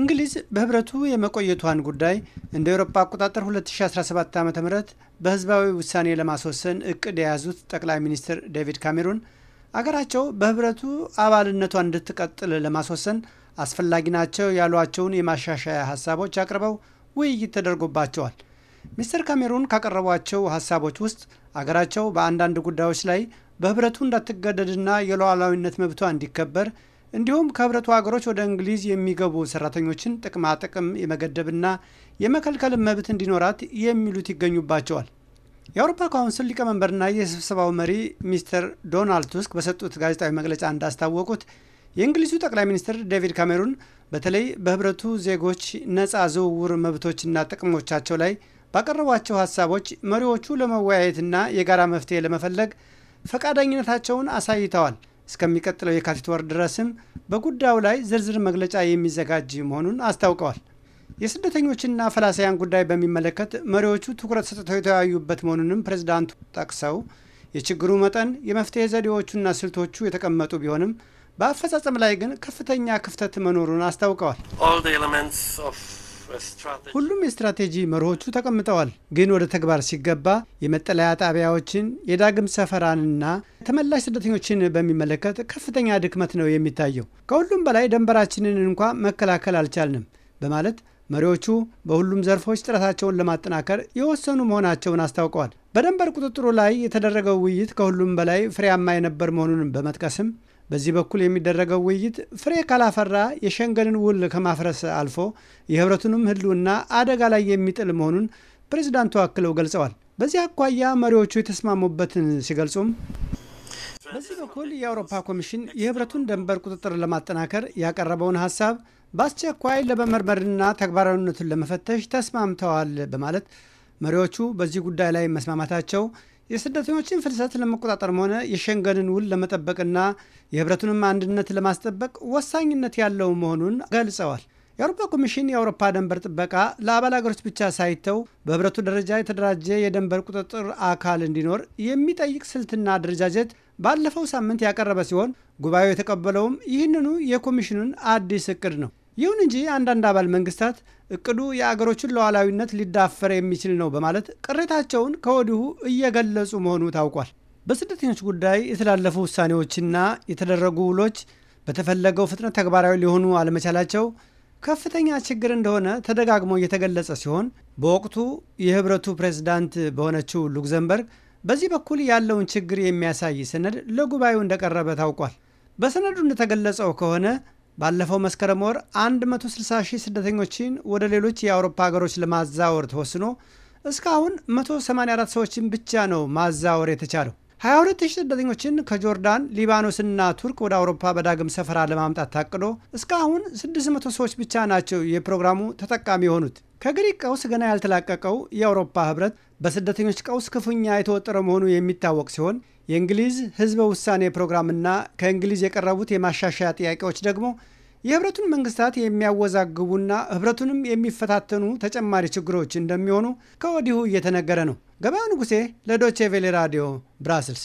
እንግሊዝ በህብረቱ የመቆየቷን ጉዳይ እንደ ኤሮፓ አቆጣጠር 2017 ዓ ም በህዝባዊ ውሳኔ ለማስወሰን እቅድ የያዙት ጠቅላይ ሚኒስትር ዴቪድ ካሜሩን አገራቸው በህብረቱ አባልነቷን እንድትቀጥል ለማስወሰን አስፈላጊ ናቸው ያሏቸውን የማሻሻያ ሀሳቦች አቅርበው ውይይት ተደርጎባቸዋል። ሚስተር ካሜሩን ካቀረቧቸው ሀሳቦች ውስጥ አገራቸው በአንዳንድ ጉዳዮች ላይ በህብረቱ እንዳትገደድና የሉዓላዊነት መብቷ እንዲከበር እንዲሁም ከህብረቱ ሀገሮች ወደ እንግሊዝ የሚገቡ ሰራተኞችን ጥቅማጥቅም የመገደብና የመከልከል መብት እንዲኖራት የሚሉት ይገኙባቸዋል። የአውሮፓ ካውንስል ሊቀመንበርና የስብሰባው መሪ ሚስተር ዶናልድ ቱስክ በሰጡት ጋዜጣዊ መግለጫ እንዳስታወቁት የእንግሊዙ ጠቅላይ ሚኒስትር ዴቪድ ካሜሩን በተለይ በህብረቱ ዜጎች ነፃ ዝውውር መብቶችና ጥቅሞቻቸው ላይ ባቀረቧቸው ሀሳቦች መሪዎቹ ለመወያየትና የጋራ መፍትሄ ለመፈለግ ፈቃደኝነታቸውን አሳይተዋል። እስከሚቀጥለው የካቲት ወር ድረስም በጉዳዩ ላይ ዝርዝር መግለጫ የሚዘጋጅ መሆኑን አስታውቀዋል። የስደተኞችና ፈላሳያን ጉዳይ በሚመለከት መሪዎቹ ትኩረት ሰጥተው የተወያዩበት መሆኑንም ፕሬዝዳንቱ ጠቅሰው የችግሩ መጠን የመፍትሄ ዘዴዎቹና ስልቶቹ የተቀመጡ ቢሆንም በአፈጻጸም ላይ ግን ከፍተኛ ክፍተት መኖሩን አስታውቀዋል። ሁሉም የስትራቴጂ መርሆቹ ተቀምጠዋል። ግን ወደ ተግባር ሲገባ የመጠለያ ጣቢያዎችን የዳግም ሰፈራንና ተመላሽ ስደተኞችን በሚመለከት ከፍተኛ ድክመት ነው የሚታየው። ከሁሉም በላይ ደንበራችንን እንኳ መከላከል አልቻልንም በማለት መሪዎቹ በሁሉም ዘርፎች ጥረታቸውን ለማጠናከር የወሰኑ መሆናቸውን አስታውቀዋል። በደንበር ቁጥጥሩ ላይ የተደረገው ውይይት ከሁሉም በላይ ፍሬያማ የነበር መሆኑንም በመጥቀስም በዚህ በኩል የሚደረገው ውይይት ፍሬ ካላፈራ የሸንገንን ውል ከማፍረስ አልፎ የህብረቱንም ህልውና አደጋ ላይ የሚጥል መሆኑን ፕሬዚዳንቱ አክለው ገልጸዋል። በዚህ አኳያ መሪዎቹ የተስማሙበትን ሲገልጹም በዚህ በኩል የአውሮፓ ኮሚሽን የህብረቱን ደንበር ቁጥጥር ለማጠናከር ያቀረበውን ሀሳብ በአስቸኳይ ለመመርመርና ተግባራዊነቱን ለመፈተሽ ተስማምተዋል በማለት መሪዎቹ በዚህ ጉዳይ ላይ መስማማታቸው የስደተኞችን ፍልሰት ለመቆጣጠርም ሆነ የሸንገንን ውል ለመጠበቅና የህብረቱንም አንድነት ለማስጠበቅ ወሳኝነት ያለው መሆኑን ገልጸዋል። የአውሮፓ ኮሚሽን የአውሮፓ ደንበር ጥበቃ ለአባል ሀገሮች ብቻ ሳይተው በህብረቱ ደረጃ የተደራጀ የደንበር ቁጥጥር አካል እንዲኖር የሚጠይቅ ስልትና አደረጃጀት ባለፈው ሳምንት ያቀረበ ሲሆን ጉባኤው የተቀበለውም ይህንኑ የኮሚሽኑን አዲስ እቅድ ነው። ይሁን እንጂ አንዳንድ አባል መንግስታት እቅዱ የአገሮችን ሉዓላዊነት ሊዳፈር የሚችል ነው በማለት ቅሬታቸውን ከወዲሁ እየገለጹ መሆኑ ታውቋል። በስደተኞች ጉዳይ የተላለፉ ውሳኔዎችና የተደረጉ ውሎች በተፈለገው ፍጥነት ተግባራዊ ሊሆኑ አለመቻላቸው ከፍተኛ ችግር እንደሆነ ተደጋግሞ እየተገለጸ ሲሆን በወቅቱ የህብረቱ ፕሬዝዳንት በሆነችው ሉክዘምበርግ በዚህ በኩል ያለውን ችግር የሚያሳይ ሰነድ ለጉባኤው እንደቀረበ ታውቋል። በሰነዱ እንደተገለጸው ከሆነ ባለፈው መስከረም ወር 160 ሺህ ስደተኞችን ወደ ሌሎች የአውሮፓ ሀገሮች ለማዛወር ተወስኖ እስካሁን 184 ሰዎችን ብቻ ነው ማዛወር የተቻለው። 22 ሺህ ስደተኞችን ከጆርዳን ሊባኖስና ቱርክ ወደ አውሮፓ በዳግም ሰፈራ ለማምጣት ታቅዶ እስካሁን 600 ሰዎች ብቻ ናቸው የፕሮግራሙ ተጠቃሚ የሆኑት። ከግሪክ ቀውስ ገና ያልተላቀቀው የአውሮፓ ህብረት በስደተኞች ቀውስ ክፉኛ የተወጠረ መሆኑ የሚታወቅ ሲሆን የእንግሊዝ ህዝበ ውሳኔ ፕሮግራምና ከእንግሊዝ የቀረቡት የማሻሻያ ጥያቄዎች ደግሞ የህብረቱን መንግስታት የሚያወዛግቡና ህብረቱንም የሚፈታተኑ ተጨማሪ ችግሮች እንደሚሆኑ ከወዲሁ እየተነገረ ነው። ገበያው ንጉሴ ለዶቼ ቬሌ ራዲዮ ብራስልስ